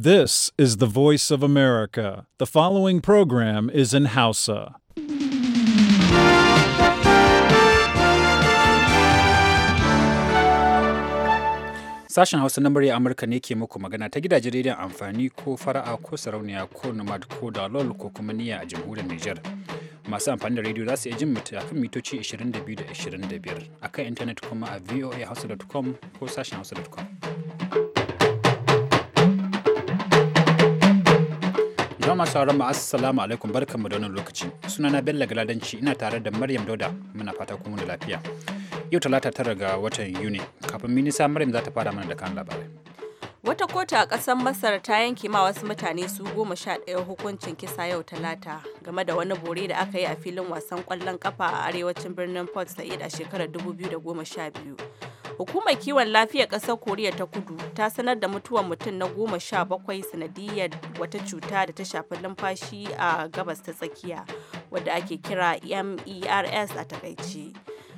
This is the voice of America. The following program is in Hausa. Sashen Hausa na murya Amurka ne ke muku magana ta gidajen rediyon amfani ko fara'a ko sarauniya ko nomad ko dalol ko kuma niyya a jamhuriyar Nijar. Masu amfani da rediyo za su iya jin a kan mitoci 22 da 25 a kan intanet kuma a voahausa.com ko sashen hausa.com. Jama'a sauran mu assalamu alaikum barkanmu da wannan lokaci. Sunana Bello Galadanci ina tare da Maryam Dauda muna fata kuma da lafiya. Yau talata ta ga watan Yuni kafin minisa Maryam za ta fara mana da kan labarai. Wata kotu a ƙasar Masar ta yanke ma wasu mutane su goma sha ɗaya hukuncin kisa yau talata game da wani bore da aka yi a filin wasan ƙwallon ƙafa a arewacin birnin Port Said a shekarar 2012. Hukumar kiwon lafiyar ƙasar Koriya ta Kudu ta sanar da mutuwar mutum na goma sha bakwai sanadiyar wata cuta da ta shafi numfashi a gabas ta tsakiya wadda ake kira MERS a takaice.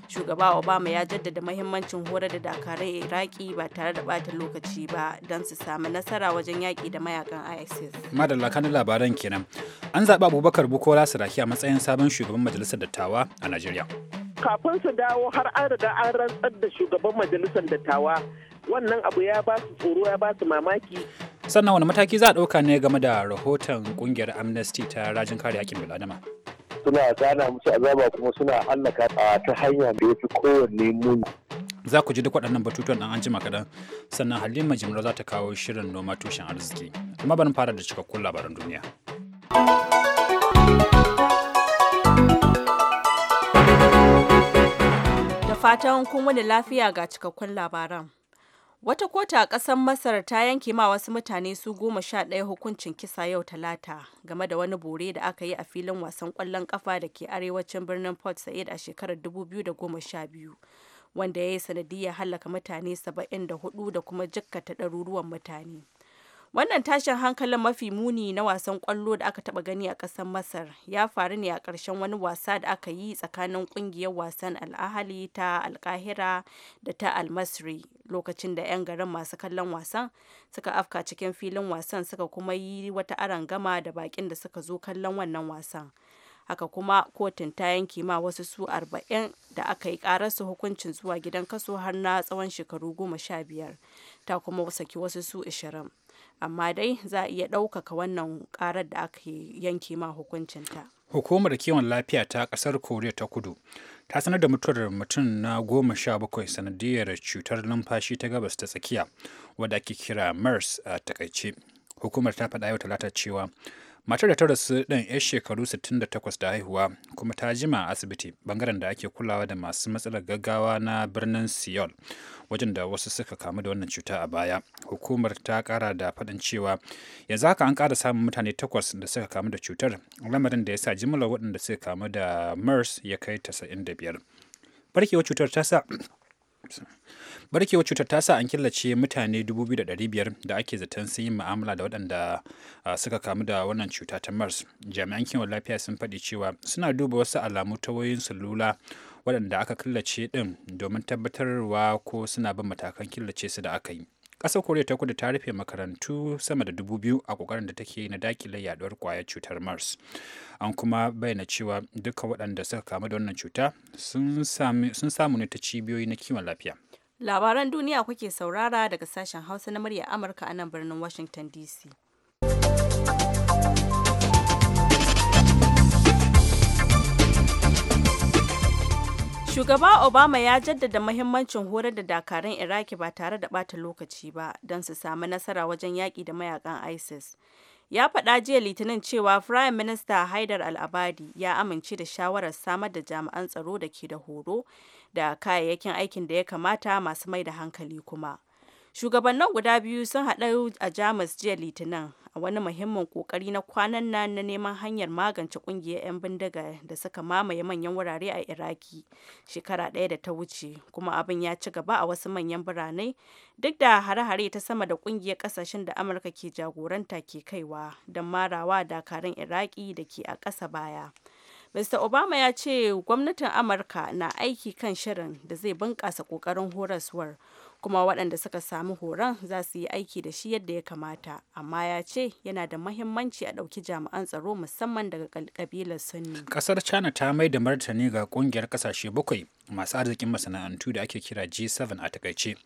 shugaba obama ya jaddada mahimmancin horar da dakarai iraki ba tare da bata lokaci ba don su samu nasara wajen yaƙi da mayakan isis madalla kan labaran kenan an zaɓi abubakar bukola saraki a matsayin sabon shugaban majalisar dattawa a najeriya kafin su dawo har an riga an rantsar da shugaban majalisar dattawa wannan abu ya ba su tsoro ya ba su mamaki sannan wani mataki za a ɗauka ne game da rahoton ƙungiyar amnesty ta rajin kare haƙƙin bil'adama suna gana musu azaba kuma suna hallaka ta hanya da ya fi kowanne muni za ku ji duk waɗannan batutuwan ɗan an jima kaɗan sannan halima jimra za ta kawo shirin noma tushen arziki amma barin fara da cikakkun labaran duniya fatan kun wani lafiya ga cikakkun labaran. Wata kota a ƙasar Masar ta yanke ma wasu mutane su goma sha ɗaya hukuncin kisa yau talata game da wani bore da aka yi a filin wasan ƙwallon ƙafa da ke arewacin birnin Port Said a shekarar 2012. wanda ya yi sanadiyar hallaka mutane saba'in da hudu da kuma jikkata ɗaruruwan mutane. Wannan tashin hankalin mafi muni na wasan kwallo da aka taba gani a ƙasar Masar ya faru ne a ƙarshen wani wasa da aka yi tsakanin ƙungiyar wasan al'ahali ta alkahira da ta Almasri lokacin da 'yan garin masu kallon wasan suka afka cikin filin wasan suka kuma yi wata aron gama da bakin da suka zo kallon wannan wasan. haka kuma kotun ta yanke ma wasu su 40 da aka yi su hukuncin zuwa gidan kaso har na tsawon shekaru goma sha biyar ta kuma saki wasu su 20 amma dai za a iya ɗaukaka wannan ƙarar da aka yanke ma hukuncinta. Hukumar kiwon lafiya ta ƙasar Koriya ta kudu ta sanar da mutuwar mutum na goma sha bakwai sanadiyar cutar numfashi ta gabas ta tsakiya wadda ake kira MERS a takaice. Hukumar ta faɗa yau talata cewa matar da ta rasu ɗan 'yar shekaru 68 da haihuwa kuma ta jima a asibiti bangaren da ake kulawa da masu matsalar gaggawa na birnin seoul wajen da wasu suka kamu da wannan cuta a baya hukumar ta kara da faɗin cewa yanzu haka an ƙara samun mutane takwas da suka kamu da cutar lamarin da ya sa jimlar waɗanda suka kamu da mers ya kai 95 barkewar cutar ta sa barkewar cutar ta sa an killace mutane 2,500 da ake zaton sun yi mu'amala da waɗanda ah, suka kamu da wannan cuta ta mars jami'an kiwon lafiya sun faɗi cewa suna duba wasu alamu ta wayoyin sulula waɗanda aka killace ɗin domin tabbatarwa ko suna bin matakan killace su da aka yi ƙasar koriya ta kudu ta rufe makarantu sama da dubu biyu a ƙoƙarin da take na dakile yaduwar kwayar cutar mars an kuma bayyana cewa duka waɗanda suka kamu da wannan cuta sun samu ne ta cibiyoyi na kiwon lafiya labaran duniya kuke saurara daga sashen hausa na murya amurka a nan birnin washington dc Shugaba Obama ya jaddada mahimmancin horar da dakarun Iraki ba tare da bata lokaci ba don su sami nasara wajen yaƙi da mayakan ISIS. Ya faɗa jiya Litinin cewa Prime minista Haidar Al-Abadi ya amince da shawarar samar da jami'an tsaro da ke da horo da kayayyakin aikin da ya kamata masu mai da hankali kuma. Shugabannin guda biyu sun haɗu a Jamus jiya Litinin a wani muhimmin kokari na kwanan nan na neman hanyar magance kungiyar 'yan bindiga da suka mamaye manyan wurare a Iraki shekara ɗaya da ta wuce, kuma abin ya ci gaba a wasu manyan birane duk da hare-hare ta sama da kungiyar kasashen da Amurka ke jagoranta ke kaiwa don marawa dakarun Iraki da ke a ƙasa baya. Mr. Obama ya ce gwamnatin Amurka na aiki kan shirin da zai bunƙasa ƙoƙarin horaswar kuma waɗanda suka samu horon za su yi aiki da shi yadda ya kamata amma ya ce yana da mahimmanci a ɗauki jami'an tsaro musamman daga kabilar sunni ƙasar china ta mai da martani ga ƙungiyar ƙasashe bakwai masu arzikin masana'antu da ake kira g7 a takaice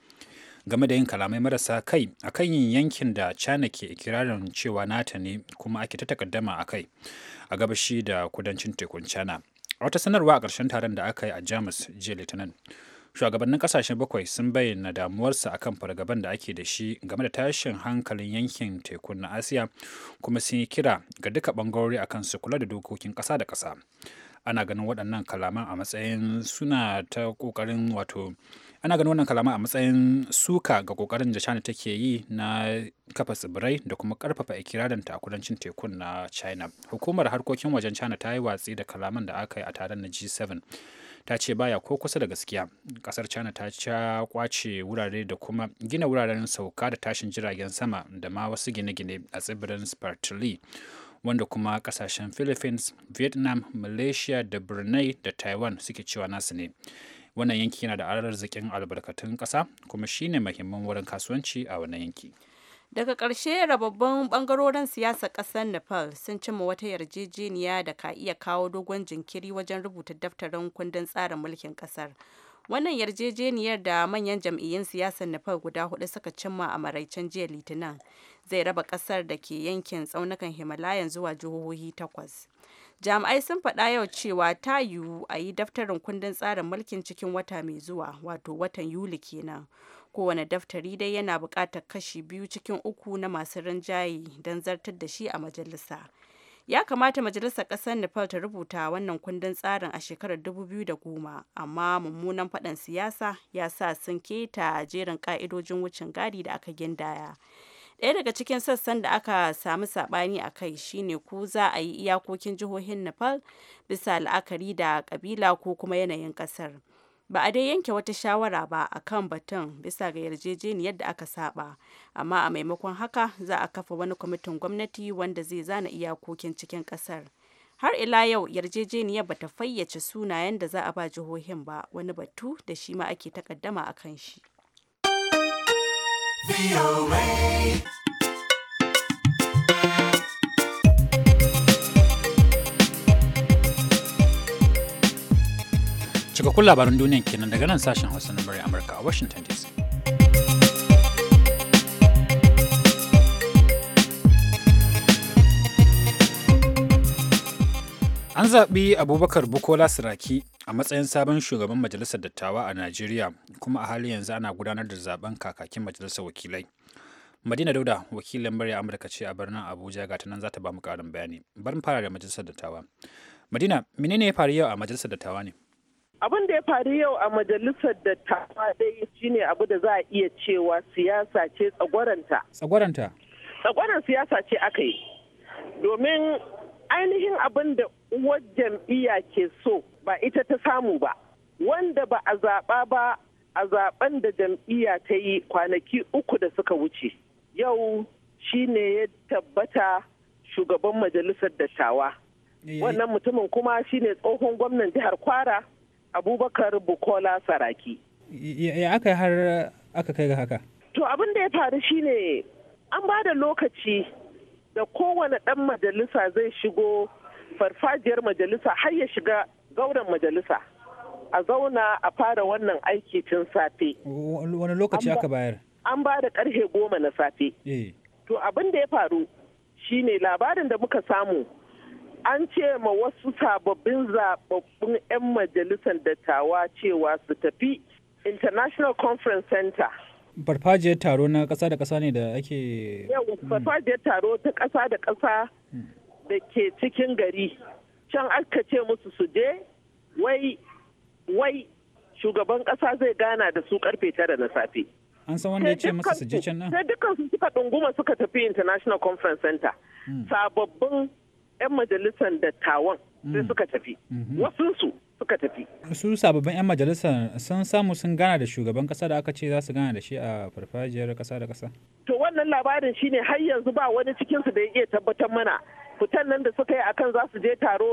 game da yin kalamai marasa kai a kan yin yankin da china ke ikirarin cewa nata ne kuma ake ta takaddama a kai a gabashi da kudancin tekun china a wata sanarwa a ƙarshen taron da aka yi a jamus jiya litinin shugabannin kasashen bakwai sun bayyana damuwarsa akan fargaban da ake da shi game da tashin hankalin yankin tekun na asiya kuma sun yi kira ga duka bangarori akan su kula da dokokin kasa da kasa ana ganin waɗannan kalaman a matsayin suna ta ƙoƙarin wato ana ganin wannan kalama a matsayin suka ga kokarin da china take yi na kafa tsibirai da kuma karfafa ikirarin ta a kudancin tekun na china hukumar harkokin wajen china ta yi watsi da kalaman da aka yi a taron na g7 ta ce baya ko kusa da gaskiya kasar china ta cha kwace wurare da kuma gina wuraren sauka da tashin jiragen sama da ma wasu gine-gine a tsibirin spartali wanda kuma kasashen philippines vietnam malaysia da brunei da taiwan suke cewa nasu ne wannan yanki yana da arzikin albarkatun kasa kuma shine muhimman wurin kasuwanci a wannan yanki. daga ƙarshe rababban bangarorin siyasar ƙasar nepal sun cimma wata yarjejeniya da ka iya kawo dogon jinkiri wajen rubuta daftarin kundin tsarin mulkin ƙasar wannan yarjejeniyar da manyan jam'iyyun siyasar nepal guda hudu suka cimma a maraicen jiya litinin zai raba ƙasar da ke yankin tsaunukan himalayan zuwa jihohi takwas jami'ai sun faɗa yau cewa ta yiwu a yi daftarin kundin tsarin mulkin cikin wata mai zuwa wato watan yuli kenan kowane daftari dai yana buƙatar kashi biyu cikin uku na masu rinjaye don zartar da shi a majalisa ya kamata majalisar ƙasar nepal ta rubuta wannan kundin tsarin a shekarar 2010 amma mummunan faɗan siyasa ya sa sun keta jerin ƙa'idojin wucin gadi da aka gindaya ɗaya daga cikin sassan da aka samu saɓani a kai shine ku za a yi iyakokin jihohin nepal bisa la'akari da ƙabila ko kuma yanayin ƙasar ba a dai yanke wata shawara ba a kan batun bisa ga yarjejeniyar da aka saba amma a maimakon haka za a kafa wani kwamitin gwamnati wanda zai zana iyakokin cikin kasar har ila yau yarjejeniyar bata fayyace sunayen da za a ba jihohin ba wani batu da shi ma ake takaddama a kan shi cikakkun labaran duniya kenan daga nan sashen hausa na murya amurka a washington dc an zaɓi abubakar bukola siraki a matsayin sabon shugaban majalisar dattawa a najeriya kuma a halin yanzu ana gudanar da zaben kakakin majalisar wakilai madina dauda wakilin murya amurka ce a birnin abuja ga ta nan za ta ba mu ƙarin bayani bari fara da majalisar dattawa madina menene ya faru yau a majalisar dattawa ne abin da ya faru yau a majalisar da dattawa dai shine abu da za a iya cewa siyasa ce tsagwaranta tsagwaranta tsagwaran siyasa ce aka yi domin ainihin abin da uwar jam'iyya ke so ba ita ta samu ba wanda ba a zaɓa ba a zaɓen da jam'iyya ta yi kwanaki uku da suka wuce yau shine ya tabbata shugaban majalisar dattawa eh, eh. wannan mutumin kuma shine tsohon gwamnan jihar kwara abubakar bukola saraki ya aka har aka kai ga haka to abin da ya faru shine an ba da lokaci da kowane ɗan majalisa zai shigo farfajiyar majalisa har ya shiga gauran majalisa a zauna a fara wannan aiki tun safe. Wani lokaci aka bayar? An ba da ƙarfe goma na safe. Eh. To abin da ya faru shine labarin da muka samu an ce ma wasu sababbin zababbin 'yan majalisar dattawa cewa su tafi international conference center farfajiyar taro na ƙasa da ƙasa ne da ake mm. farfajiyar taro ta ƙasa da ƙasa mm. da ke cikin gari can aka ce musu su je wai wai shugaban ƙasa zai gana da su karfe tara na safe an san wanda ya ce masa su je can nan sai dukkan su suka dunguma suka tafi international conference center mm. sababbin 'yan majalisar dattawan sai mm. suka tafi mm-hmm. wasunsu suka tafi su sababbin 'yan majalisar sun samu sun gana da shugaban kasa da aka ce za su gana da shi a farfajiyar kasa da kasa to wannan labarin shine har yanzu ba wani cikinsu da ya iya tabbatar mana fitan nan da suka yi akan za su je taro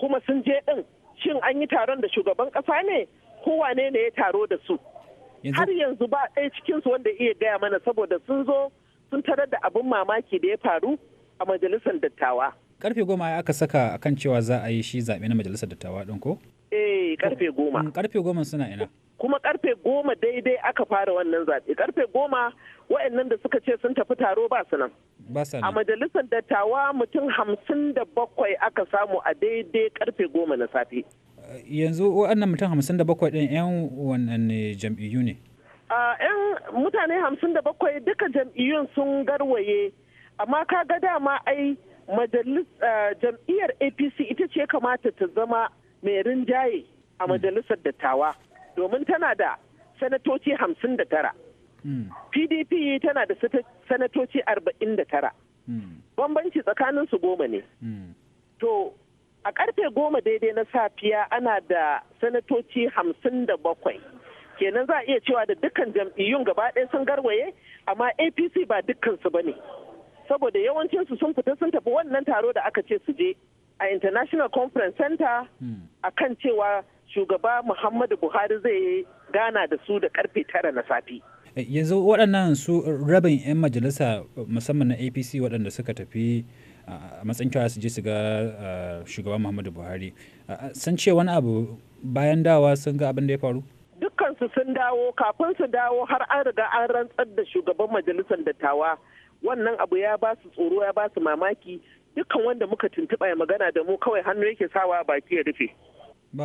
kuma sun je din shin an yi taron da shugaban kasa ne ko wane ne ya taro da su har yanzu ba ɗaya cikinsu wanda iya gaya mana saboda sun zo sun tarar da abin mamaki da ya faru a majalisar dattawa karfe goma aka saka akan cewa za a yi shi zaɓe na majalisar dattawa ɗin ko? Eh karfe goma. Mm, karfe goma suna ina. Kuma karfe goma daidai aka fara wannan zaɓe. Karfe goma waɗannan da suka ce sun tafi taro ba su nan. Ba su A majalisar dattawa mutum hamsin da bakwai aka samu a daidai karfe goma na safe. Eh, yanzu wa'annan mutum hamsin da bakwai ɗin 'yan wannan jam'iyyu ne. yan mutane hamsin da bakwai duka jam'iyyun sun garwaye amma ka ga dama ai Eh, jam'iyyar apc ita ce kamata ta zama mai rinjaye a majalisar dattawa domin tana da sanatoci hamsin da tara pdp hmm. tana da sanatoci arba'in da tara hmm. bambanci tsakanin su goma ne hmm. to a karfe goma daidai na safiya ana da sanatoci hamsin da bakwai kenan za a iya cewa da dukkan jam'iyyun gaba ɗaya sun garwaye amma apc ba dukkansu ba ne saboda yawancin su sun fita sun tafi wannan taro da aka ce su je a international conference center hmm. a kan cewa shugaba muhammadu buhari zai gana da su da karfe tara na safi eh, yanzu waɗannan su rabin 'yan majalisa musamman na apc waɗanda suka tafi a matsayin cewa su je su ga shugaba muhammadu buhari sun ce wani abu bayan dawa sun ga abin da ya faru dukkansu sun dawo kafin su dawo har an riga an rantsar da shugaban majalisar dattawa wannan abu ya ba su tsoro ya ba su mamaki dukkan wanda muka tuntuɓa ya magana da mu kawai hannu yake sawa baki ya rufe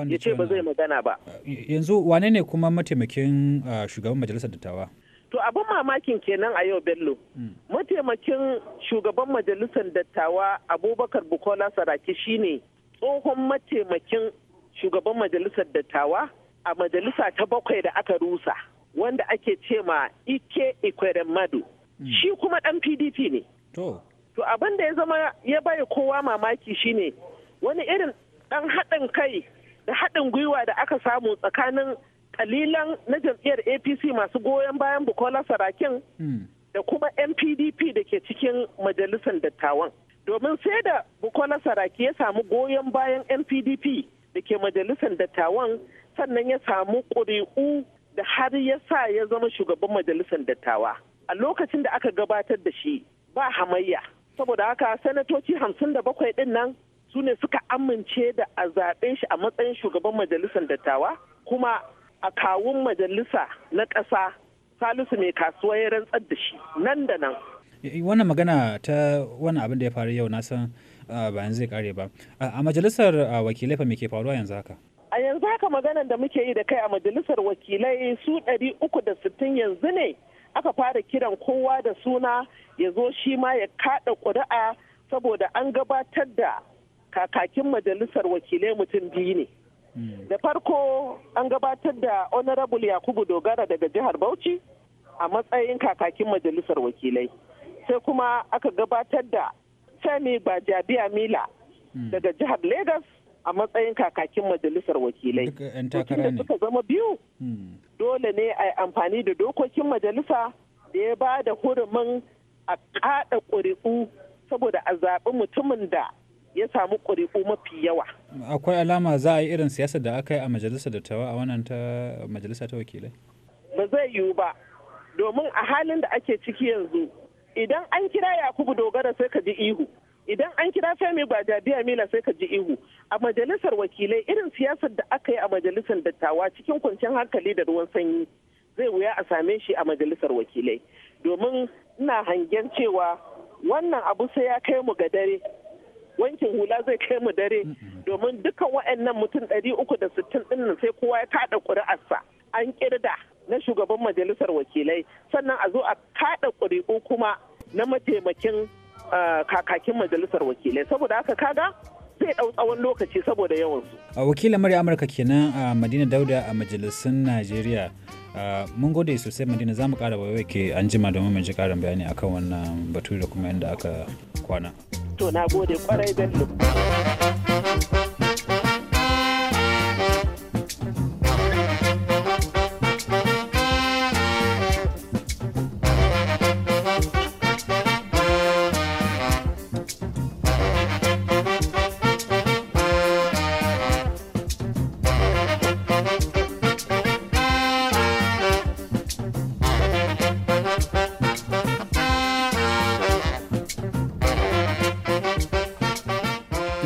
ya ce ba zai magana ba uh, yanzu wane ne kuma mataimakin uh, shugaban majalisar dattawa to abin mamakin kenan a yau bello hmm. mataimakin shugaban majalisar dattawa abubakar bukola saraki shine tsohon mataimakin shugaban majalisar dattawa a majalisa ta bakwai da aka rusa wanda ake ce ma ike ikweren madu Mm. shi kuma ɗan pdp ne to abin da ya zama ya bai kowa mamaki shine wani irin ɗan haɗin kai da haɗin gwiwa da aka samu tsakanin kalilan na jam'iyyar apc masu goyon bayan bukola sarakin mm. da kuma npdp da ke cikin majalisar dattawan domin sai da bukola saraki ya samu goyon bayan npdp da ke majalisar dattawan sannan ya samu ƙuri'u da har ya sa ya zama shugaban majalisar dattawa a lokacin da aka gabatar da shi ba hamayya saboda haka sanatoci hamsin da bakwai din nan su ne suka amince da a zaɓe shi a matsayin shugaban majalisar dattawa kuma a kawun majalisa na ƙasa salisu mai kasuwa ya rantsar da shi nan da nan eh, eh, wannan magana ta wannan abin da ya faru yau na san ah, ba yanzu zai kare ba a majalisar ah, wakilai fa me ke faruwa yanzu haka a yanzu haka maganar da muke yi da kai a majalisar wakilai su 360 yanzu ne aka fara kiran kowa da suna ya zo shi ma ya kada ƙuri'a saboda an gabatar da kakakin majalisar wakilai mutum biyu ne hmm. da farko an gabatar da honorable yakubu dogara daga jihar bauchi a matsayin kakakin majalisar wakilai sai kuma aka gabatar da sami bajabiya mila hmm. daga jihar lagos a matsayin kakakin majalisar wakilai da suka zama biyu hmm. dole ne a yi amfani da dokokin majalisa da ya ba da hurumin a kada ƙuri'u saboda a zaɓi mutumin da ya samu ƙuri'u mafi yawa. Akwai alama za a yi irin siyasa da aka yi a majalisa tawa a wannan ta majalisa ta wakilai? Ba zai yiwu ba, domin a halin da ake ciki yanzu idan an kira Yakubu Dogara sai ka ji ihu. idan an kira femi ba jabiya mila sai ka ji ihu a majalisar wakilai irin siyasar da aka yi a majalisar dattawa cikin kwanciyar hankali da ruwan sanyi zai wuya a same shi a majalisar wakilai domin ina hangen cewa wannan abu sai ya kai mu ga dare wankin hula zai kai mu dare domin duka wa'annan mutum ɗari uku da sittin ɗin sai kowa ya kaɗa ƙuri'arsa an ƙirda na shugaban majalisar wakilai sannan a zo a kaɗa ƙuri'u kuma na mataimakin Eh, kakakin majalisar wakilai saboda haka kaga zai dau tsawon lokaci saboda yawan su a wakilin murya amurka kenan a madina dauda a majalisun najeriya mun gode sosai madina za mu kara waiwai ke an jima domin mu ji karin bayani akan wannan batu da kuma yadda aka kwana. to na gode kwarai bello.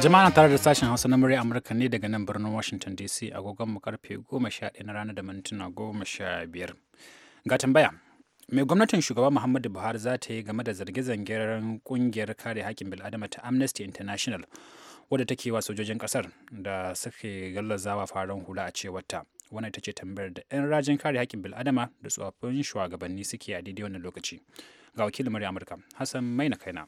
Jama'a tare da sashen Hausa na murya Amurka ne daga nan birnin Washington DC agogon mu karfe 11 na rana da mintuna 15. Ga tambaya, mai gwamnatin shugaba Muhammadu Buhari za ta yi game da zarge-zargen kungiyar kare hakkin bil'adama ta Amnesty International wadda take wa sojojin kasar da suke gallazawa faran hula a cewar ta Wannan ita ce tambayar da 'yan rajin kare hakkin bil'adama da tsofaffin shugabanni suke a daidai wannan lokaci. Ga wakilin murya Amurka, Hassan Maina Kaina.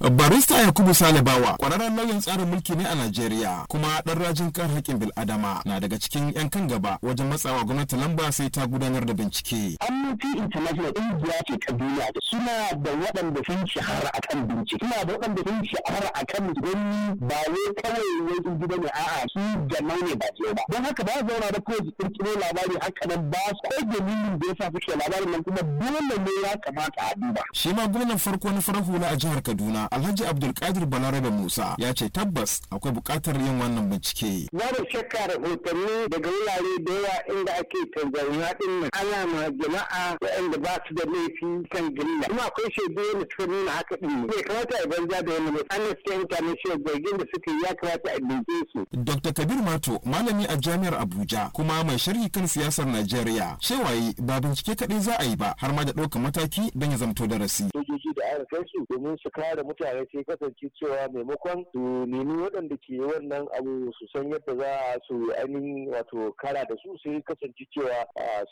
Barista Yakubu Salibawa kwararren lauyan tsarin mulki ne a Najeriya kuma ɗan rajin kan haƙƙin bil'adama na daga cikin 'yan kan gaba wajen matsawa gwamnati lamba sai ta gudanar da bincike. Amnesty International India ce ta duniya suna da waɗanda sun shahara a kan bincike. Suna da waɗanda sun shahara a kan gani ba wai kawai wajen gida ne a'a su jamai ne ba ce ba. Don haka ba zauna da kawai kirkiro labari haka nan ba su kai dalilin da ya sa suke labarin nan kuma dole ne ya kamata a duba. Shi ma gwamnan farko na farar hula a jihar Kaduna Alhaji Abdulkadir Balarabe Musa ya ce tabbas akwai bukatar yin wannan bincike. Babu shakka rahotanni daga wurare da yawa inda ake tanzaniya din nan ana ma jama'a waɗanda ba su da laifi kan gilla. Kuma akwai shaidu wani suka nuna haka din ne. Bai kamata a banza da wani mai Amnesty International zargin da suka yi ya kamata a bincike su. Dr. Kabir Mato malami a jami'ar Abuja kuma mai sharhi kan siyasar Najeriya. Cewaye ba bincike kaɗai za a yi ba har ma da ɗaukar mataki don ya zamto darasi. Sojoji da aka kai su domin su kare mutane sai kasance cewa maimakon su nemi waɗanda ke wannan abu su san yadda za su ainihin wato kara da su sai kasance cewa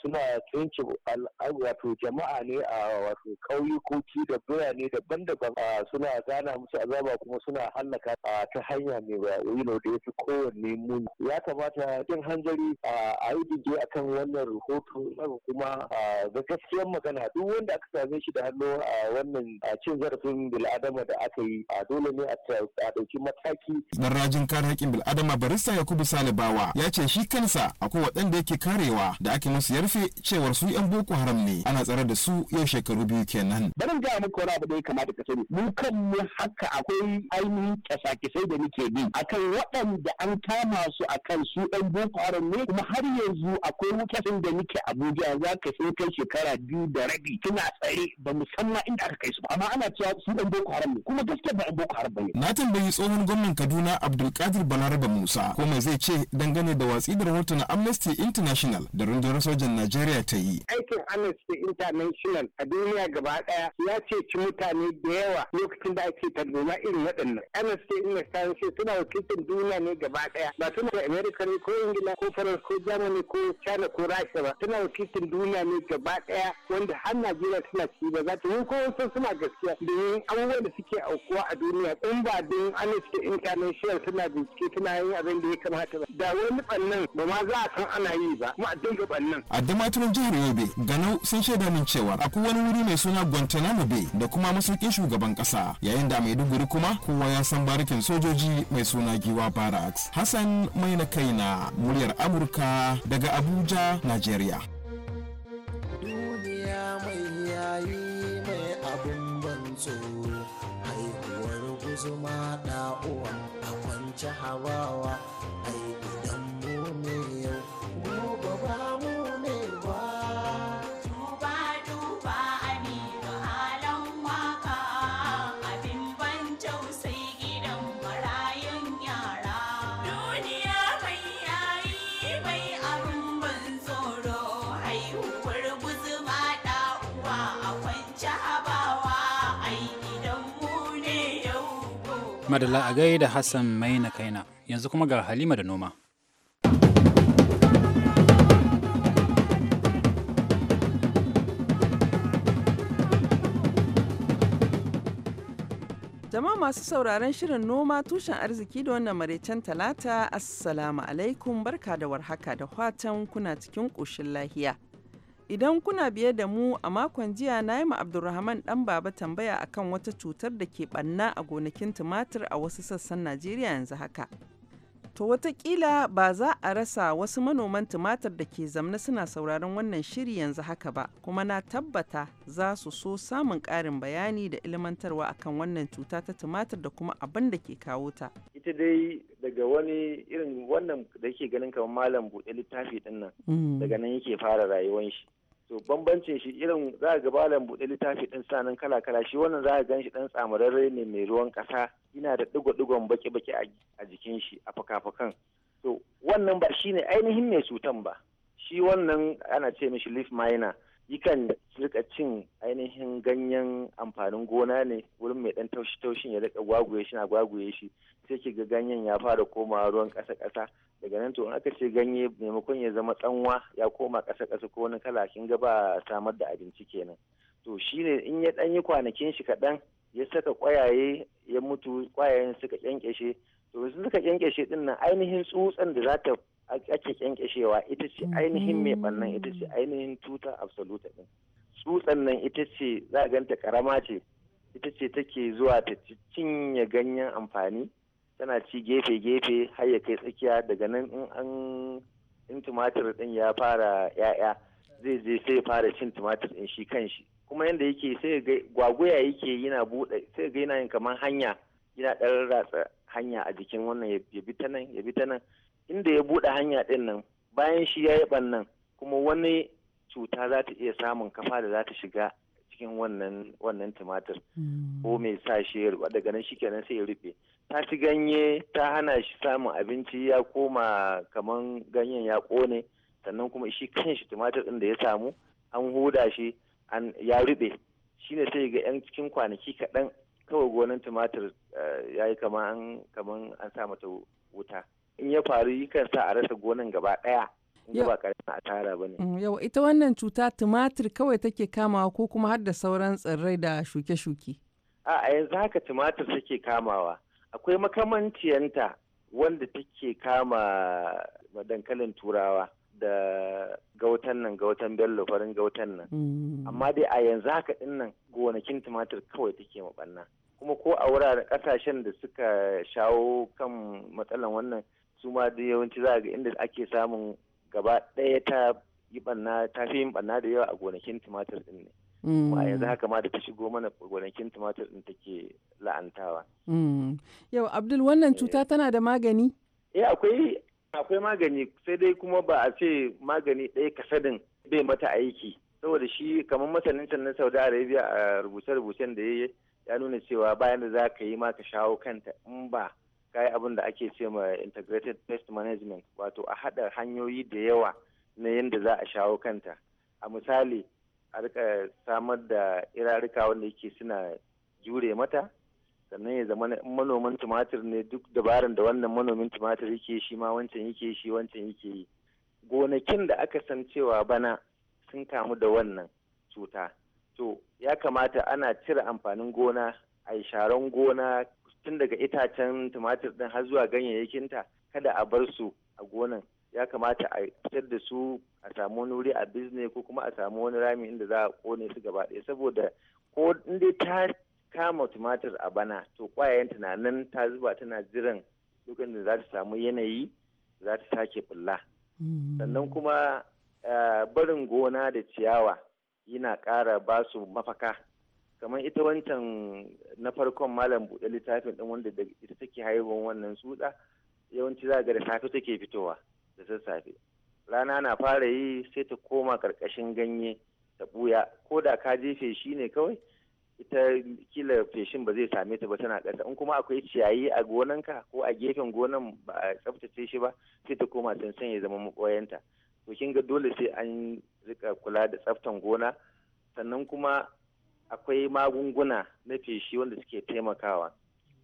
suna tsinci wato jama'a ne a wato ƙauyukoki da birane daban-daban suna gana musu azaba kuma suna hallaka ta hanya ne ba da ya fi kowanne muni ya kamata yin hanzari a yi bincike kan wannan rahoto kuma ga gaskiyar magana duk wanda aka same shi da hannu a wannan cin zarafin bil'adama da aka yi a dole ne a ɗauki mataki. Dan rajin kare haƙƙin bil'adama barista Yakubu Salibawa ya ce shi kansa akwai waɗanda yake karewa da ake musu yarfe cewar su 'yan Boko Haram ne ana tsare da su yau shekaru biyu kenan. Barin gaya muku wani abu da ya kamata ka sani mu kanmu haka akwai ainihin kyasa-kyasai da muke bi akan waɗanda an kama su akan su 'yan Boko Haram ne kuma har yanzu akwai wukasin da muke Abuja za ka sai kai shekara biyu da rabi Kina tsare ba musamman inda aka kai su amma ana cewa su ɗan Boko Haram ne kuma gaskiya ba boko haram bane na tambayi tsohon gwamnan Kaduna Abdulkadir Balaraba Musa ko mai zai ce dangane da watsi da rahoton na Amnesty International da rundunar sojan Najeriya ta yi aikin Amnesty International a duniya gaba daya ya ci mutane da yawa lokacin da ake tarzoma irin waɗannan Amnesty International suna wakilin duniya ne gaba daya ba tana da America ne ko Ingila ko Faransa ko Germany ko China ko Russia ba tana wakilin duniya ne gaba daya wanda har Najeriya suna ci ba za ta yi ko suna gaskiya domin abubuwan da suke yake aukuwa a duniya in ba don amnesty international suna bincike suna yin abin da ya kamata ba da wani bannan ba ma za a san ana yi ba kuma a dinga bannan a damatunan jihar yobe ganau sun shaida min cewa akwai wani wuri mai suna guantanamo bay da kuma masaukin shugaban kasa yayin da maiduguri kuma kowa ya san barikin sojoji mai suna giwa barracks hassan mai na kaina muryar amurka daga abuja nigeria duniya mai yayi mai abin ban tsoro zuma uwa a kwanci hawawa Madalla a da Hassan Maina Kaina, yanzu kuma ga Halima da noma. Jama'a masu sauraron shirin noma tushen arziki da wannan maraicen talata, Assalamu alaikum barka da warhaka da watan kuna cikin ƙoshin lahiya. Idan kuna biye da mu a makon jiya na yi Abdulrahman ɗan baba tambaya akan wata cutar da ke banna a gonakin tumatir a wasu sassan Najeriya yanzu haka. To watakila ba za a rasa wasu manoman tumatir da ke zamna suna sauraron wannan shiri yanzu haka ba, kuma na tabbata za su so samun karin bayani da ilmantarwa akan wannan cuta ta tumatir da kuma abin da ke kawo ta. Ita dai daga wani irin wannan da yake ganin kamar malam buɗe littafi ɗinnan mm. daga nan yake fara rayuwan shi. to bambancin shi irin za ga balan buɗe littafi din sanan kala kala shi wannan za gan shi ɗan tsamararre ne mai ruwan kasa yana da ɗigo-ɗigon baki-baki a jikin shi a fakan to wannan ba shine ainihin mai cutan ba shi wannan ana ce mishi leaf minor yikan rika cin ainihin ganyen amfanin gona ne wurin mai dan taushi taushin ya rika gwaguye shi na gwaguye shi sai ki ga ganyen ya fara koma ruwan kasa kasa daga nan to in aka ce ganye maimakon ya zama tsanwa ya koma kasa kasa ko wani kala kin ga ba samar da abinci kenan to shine in ya dan yi kwanakin shi kaɗan ya saka kwayaye ya mutu kwayayen suka kyankyashe to su suka kyankyashe din nan ainihin tsutsan da za ta ake kyankyashewa ita ce mm-hmm. ainihin mai bannan ita ce ainihin tuta absoluta ɗin tsutsan nan ita ce za ganta karama ce ita ce take zuwa ta cinye ganyen amfani tana ci gefe-gefe har ya kai tsakiya daga nan in an in tumatir din ya fara ya'ya zai je sai ya fara cin tumatir din shi kan shi kuma yanda yake sai ga gwagwaya yake yana bude sai ga yana yin kamar hanya yana ɗan ratsa hanya a jikin wannan ya bi ta nan ya bi ta nan inda ya bude hanya din nan bayan shi ya yi bannan kuma wani cuta za ta iya samun kafa da za ta shiga cikin wannan tumatir hmm. ko mai sa shi ya ruba daga nan shikenan sai ya rufe ta ci ganye ta hana shi samun abinci ya koma kaman ganyen ya kone sannan kuma shi shi tumatir din da ya samu an huda shi an ya shi shine sai ga yan cikin kwanaki kaɗan kawai gonan tumatir eh, ya yi kaman an sa mata wuta in ya faru yakan sa a rasa gonan gaba ya ba a asara ba ne. Mm, yau ita wannan cuta tumatir kawai take kamawa ko kuma har da sauran tsirrai da shuke-shuke. A yanzu haka tumatir take kamawa. Akwai makamanciyanta wanda take kama dankalin turawa da gautan nan gautan bello farin gautan nan. Mm. Amma dai a yanzu haka din gonakin tumatir kawai take maɓanna. Kuma ko a wuraren ƙasashen da suka shawo kan matsalan wannan su ma da yawanci za a ga inda ake samun gaba ɗaya ta yi ɓanna ta fi yin ɓanna da yawa a gonakin tumatir ɗin ne. Mm. a yanzu haka ma da ta shigo mana gonakin tumatir ɗin take la'antawa. Mm. Yau Abdul wannan cuta eh. tana da magani? Eh akwai akwai magani sai dai kuma ba a ce magani ɗaya kasadin bai mata aiki. Saboda shi kamar masanin na Saudi Arabia a rubuce-rubucen da ya ya nuna cewa bayan da za ka yi ma ka shawo kanta in ba kai abin da ake ce ma integrated pest management wato a haɗa hanyoyi da yawa na yadda za a shawo kanta a misali a rika samar da irarika wanda yake suna jure mata sannan ya zama manoman tumatir ne duk dabaran da wannan manomin tumatir yake shi ma wancan yake shi wancan yake yi gonakin da aka san cewa bana sun kamu da wannan cuta to ya kamata ana cire amfanin gona a sharon gona tun daga itacen tumatir din har zuwa ganyayyakinta kada a bar su a gonan ya kamata a fitar da su a samu wani wuri a bizne ko kuma a samu wani rami inda za a kone su gaba ɗaya saboda ko in ta kama tumatir a bana to kwayayen tunanin ta zuba tana jiran lokacin da za ta samu yanayi za ta sake bulla mm. sannan kuma eh, barin gona da ciyawa yana ƙara ba su mafaka kamar ita wancan na farkon malam buɗe littafin ɗin wanda da ita take haihuwan wannan tsutsa yawanci za ga da safe take fitowa da sassafe rana na fara yi sai ta koma ƙarƙashin ganye ta ɓuya ko da ka jefe shi ne kawai ita kila feshin ba zai same ta ba tana ƙasa in kuma akwai ciyayi a gonanka ko a gefen gonan ba a tsaftace shi ba sai ta koma sansan ya zama makoyanta to kin ga dole sai an rika kula da tsaftan gona sannan kuma akwai magunguna na feshi wanda suke taimakawa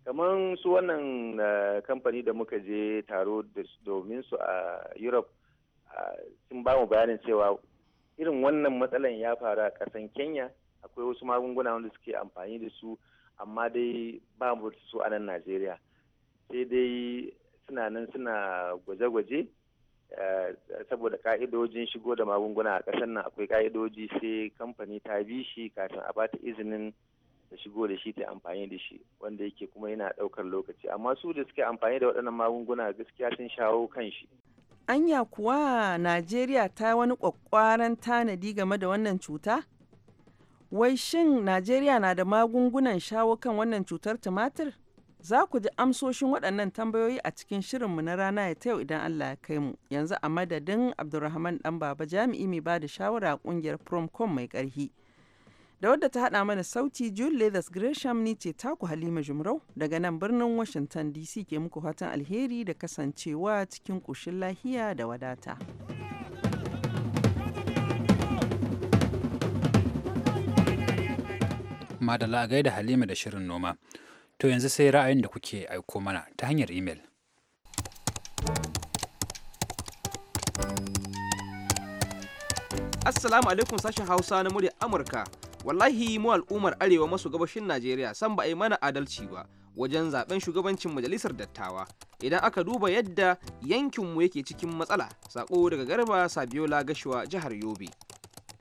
kamar su wannan eh, kamfani da muka je taro domin su a europe sun ba mu bayanin cewa irin wannan matsalan ya faru a ƙasan kenya akwai wasu magunguna wanda suke amfani da su amma dai ba mu su a nan najeriya sai dai suna nan suna gwaje-gwaje Eh, saboda ka'idojin shigo da magunguna a ƙasar nan akwai ka'idoji sai kamfani ta bi shi kafin a bata izinin da shigo da shi ta amfani da shi wanda yake kuma yana ɗaukar lokaci amma su da suke amfani da waɗannan magunguna gaskiya sun shawo kan shi anya kuwa najeriya ta wani ƙwaƙƙwaran tanadi game da wannan cuta wai shin najeriya na da magungunan shawo kan wannan cutar tumatir Za ku ji amsoshin waɗannan tambayoyi a cikin shirinmu na rana ya ta yau idan Allah ya kai mu. Yanzu a madadin Abdulrahman ɗan baba jami'i mai ba da shawara a ƙungiyar Promcom mai ƙarhi. Da wadda ta haɗa mana sauti June Leathers Gresham ni ce taku Halima Jumrau daga nan birnin Washington DC ke muku fatan alheri da kasancewa cikin ƙoshin lahiya da wadata. Madala gaida Halima da shirin noma. To yanzu sai ra'ayin da kuke aiko mana ta hanyar imel. Assalamu alaikum sashen Hausa na murya Amurka. Wallahi mu al'ummar Arewa maso gabashin Najeriya san ba a yi mana adalci ba wajen zaben shugabancin majalisar dattawa. Idan aka duba yadda yankinmu yake cikin matsala, sako daga garba Sabiola Gashuwa jihar Yobe.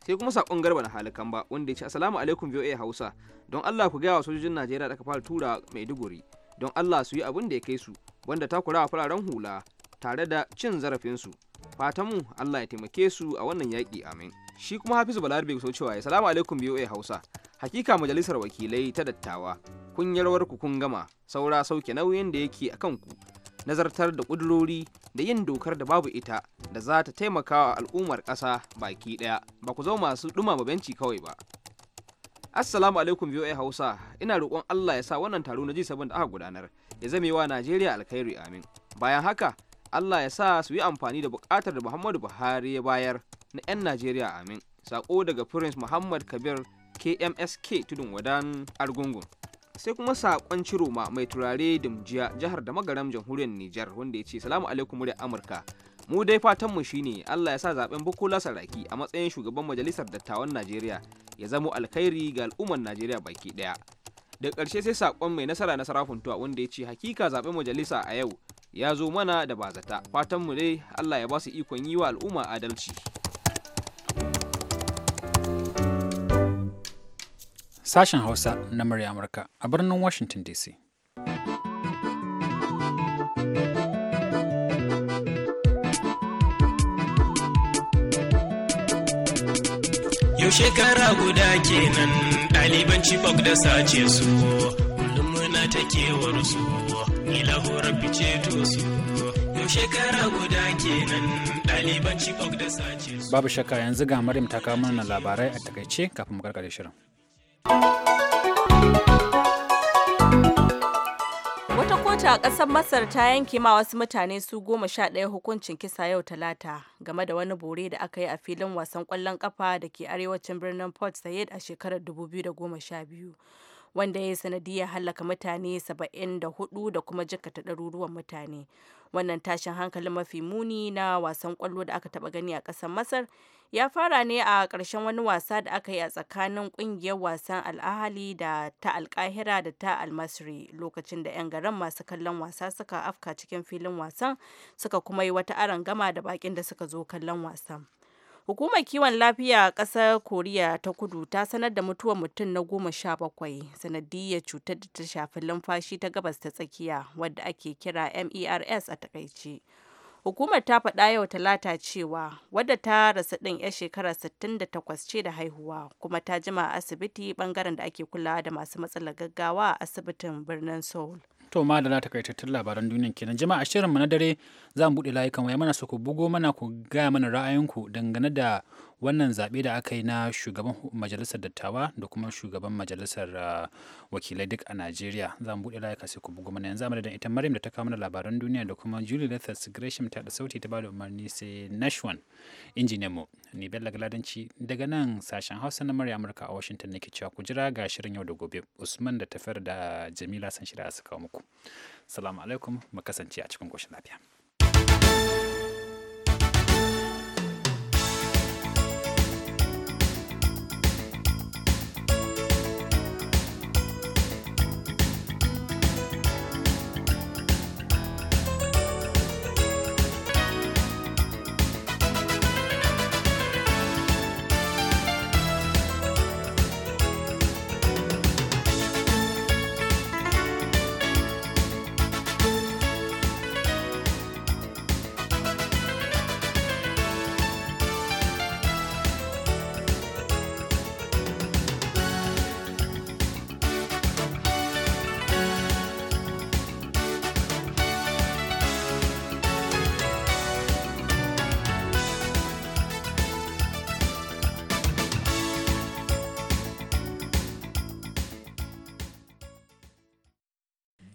sai kuma sakon garba na halikan ba wanda ya ce assalamu alaikum voa hausa don allah ku gaya wa sojojin najeriya da fara tura maiduguri don allah su yi abin da ya kai su wanda takurawa fararen hula tare da cin zarafinsu fatanmu allah ya taimake su a wannan yaƙi amin shi kuma hafizu balarabe so cewa ya salamu alaikum voa hausa hakika majalisar wakilai ta dattawa kunyarwar ku kun gama saura sauke nauyin da yake a ku. nazartar da ƙudurori da yin dokar da babu ita da za ta taimaka wa al'ummar ƙasa baki ɗaya ba ku zama masu ɗumama benci kawai ba assalamu alaikum voa hausa ina roƙon allah ya sa wannan taro na ji sabon da aka gudanar ya zame wa najeriya alkhairi amin bayan haka allah ya sa su yi amfani da buƙatar da muhammadu buhari ya bayar na 'yan najeriya amin sako daga prince muhammad kabir kmsk tudun wadan argungun sai kuma saƙon ciroma mai turare mujiya jihar da magaram jamhuriyar Nijar wanda ya ce salamu alaikum muryar Amurka mu dai fatan mu shine Allah ya sa zaben Bukola Saraki a matsayin shugaban majalisar dattawan Najeriya ya zamo alkhairi ga al'ummar Najeriya baki daya da ƙarshe sai sakon mai nasara na sarafuntuwa wanda ya ce hakika zaben majalisa a yau ya zo mana da bazata fatan mu dai Allah ya ba su ikon yi wa al'umma adalci Sashen Hausa na murya Amurka a birnin Washington DC. Yau shekara guda kenan ɗaliban Chibok da sace su, kullum muna ta kewar su, ila horar fice to su. guda kenan da sace Babu shakka yanzu ga Maryam ta kawo mana labarai a takaice kafin mu karkare shirin. Wata kotu a ƙasar Masar ta yanke ma wasu mutane su goma sha ɗaya hukuncin kisa yau talata game da wani bore da aka yi a filin wasan ƙwallon ƙafa da ke arewacin birnin Port Said a shekarar 2012. wanda ya yi sanadiyar hallaka mutane 74 da kuma jikata ɗaruruwan mutane wannan tashin hankalin mafi muni na wasan kwallo da aka taba gani a ƙasar masar ya fara ne a ƙarshen wani wasa da aka yi a tsakanin ƙungiyar wasan al'ahali da ta alƙahira da ta almasri lokacin da 'yan garan masu kallon wasa suka afka cikin filin wasan suka kuma yi wata gama da bakin da suka zo kallon wasan Hukumar kiwon lafiya a ƙasar Koriya ta kudu ta sanar da mutuwar mutum na goma sha bakwai sanadiyar cutar da ta shafi lumfashi ta gabas ta tsakiya wadda ake kira MERS a takaice. Hukumar ta faɗa yau talata cewa wadda ta rasa ɗin 'yar shekara 68 ce da haihuwa kuma ta jima a asibiti ɓangaren da ake kulawa da masu matsalar gaggawa a asibitin birnin Seoul. To ma da takaitattun labaran duniyan kenan jama'a shirin mu na dare za mu buɗe layukan waya mana su ku bugo mana ku gaya mana ra'ayinku dangane da wannan zaɓe da aka yi na shugaban majalisar dattawa da kuma shugaban majalisar ah, wakilai duk a Najeriya za mu buɗe layuka sai ku bugo mana yanzu amma da ita Maryam da ta kawo mana labaran duniya da kuma Julie Lathas Gresham ta da sauti ta ba da umarni sai Nashwan injiniyan mu ni Bello Galadanci daga nan sashen Hausa na Maryam Amurka a Washington nake cewa ku jira ga shirin yau da gobe Usman da tafiyar da Jamila san shirya su kawo muku. naku. Salamu alaikum, mu kasance a cikin ƙoshin lafiya.